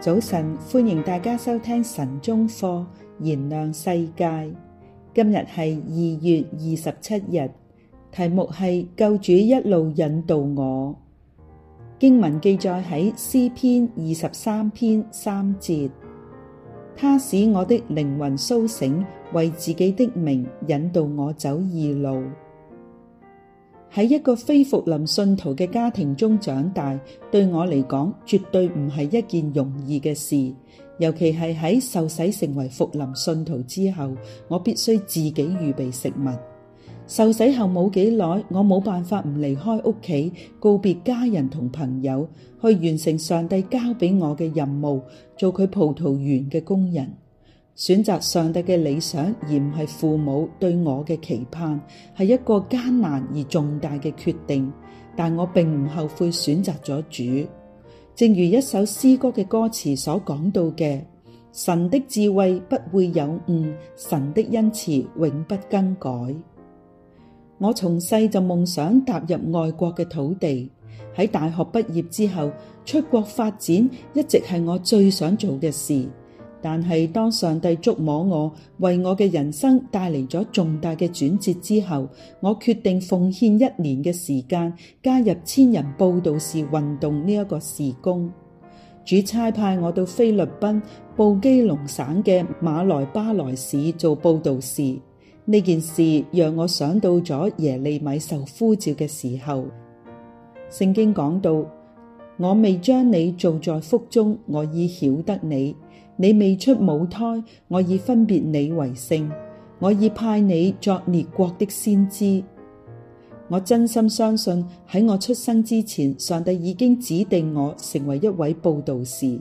早晨，歡迎大家收聽晨鐘課，燃亮世界。今日係二月二十七日，題目係救主一路引導我。經文記載喺詩篇二十三篇三節，他使我的靈魂蘇醒，為自己的名引導我走義路。喺一個非復臨信徒嘅家庭中長大，對我嚟講絕對唔係一件容易嘅事。尤其係喺受洗成為復臨信徒之後，我必須自己預備食物。受洗後冇幾耐，我冇辦法唔離開屋企，告別家人同朋友，去完成上帝交俾我嘅任務，做佢葡萄園嘅工人。選擇上帝嘅理想而唔係父母對我嘅期盼，係一個艱難而重大嘅決定。但我並唔後悔選擇咗主。正如一首詩歌嘅歌詞所講到嘅，神的智慧不會有誤，神的恩慈永不更改。我從細就夢想踏入外國嘅土地，喺大學畢業之後出國發展，一直係我最想做嘅事。但係，當上帝捉摸我，為我嘅人生帶嚟咗重大嘅轉折之後，我決定奉獻一年嘅時間，加入千人佈道士運動呢一個事工。主差派我到菲律賓布基隆省嘅馬來巴萊市做佈道士呢件事，讓我想到咗耶利米受呼召嘅時候。聖經講到：我未將你造在腹中，我已曉得你。你未出母胎，我已分別你為聖，我已派你作列國的先知。我真心相信喺我出生之前，上帝已經指定我成為一位佈道士。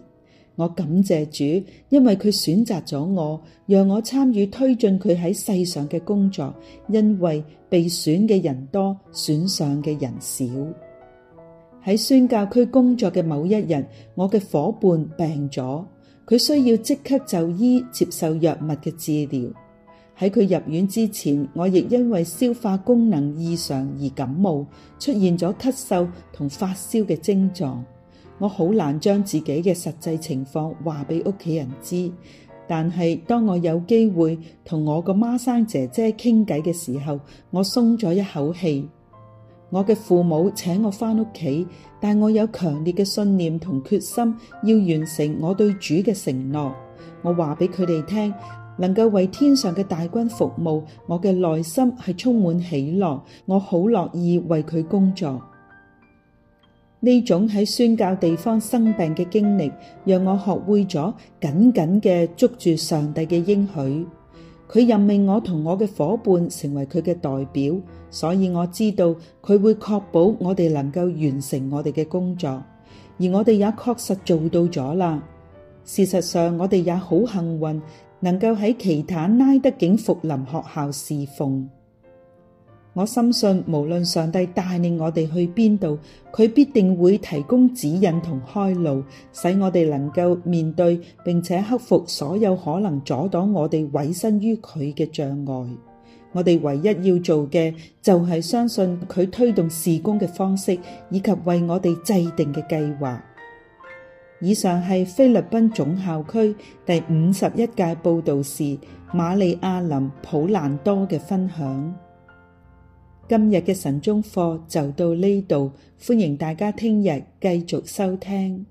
我感謝主，因為佢選擇咗我，讓我參與推進佢喺世上嘅工作。因為被選嘅人多，選上嘅人少。喺宣教區工作嘅某一日，我嘅伙伴病咗。佢需要即刻就醫接受藥物嘅治療。喺佢入院之前，我亦因為消化功能異常而感冒，出現咗咳嗽同發燒嘅症狀。我好難將自己嘅實際情況話俾屋企人知，但係當我有機會同我個孖生姐姐傾偈嘅時候，我鬆咗一口氣。我嘅父母請我翻屋企，但我有強烈嘅信念同決心，要完成我對主嘅承諾。我話俾佢哋聽，能夠為天上嘅大軍服務，我嘅內心係充滿喜樂。我好樂意為佢工作。呢種喺宣教地方生病嘅經歷，讓我學會咗緊緊嘅捉住上帝嘅應許。佢任命我同我嘅伙伴成為佢嘅代表，所以我知道佢會確保我哋能夠完成我哋嘅工作，而我哋也確實做到咗啦。事實上，我哋也好幸運能夠喺奇坦拉德景福林學校侍奉。我深信，無論上帝帶領我哋去邊度，佢必定會提供指引同開路，使我哋能夠面對並且克服所有可能阻擋我哋委身於佢嘅障礙。我哋唯一要做嘅就係相信佢推動事工嘅方式，以及為我哋制定嘅計劃。以上係菲律賓總校區第五十一屆佈道士，瑪利亞林普蘭多嘅分享。今日嘅晨鐘課就到呢度，歡迎大家聽日繼續收聽。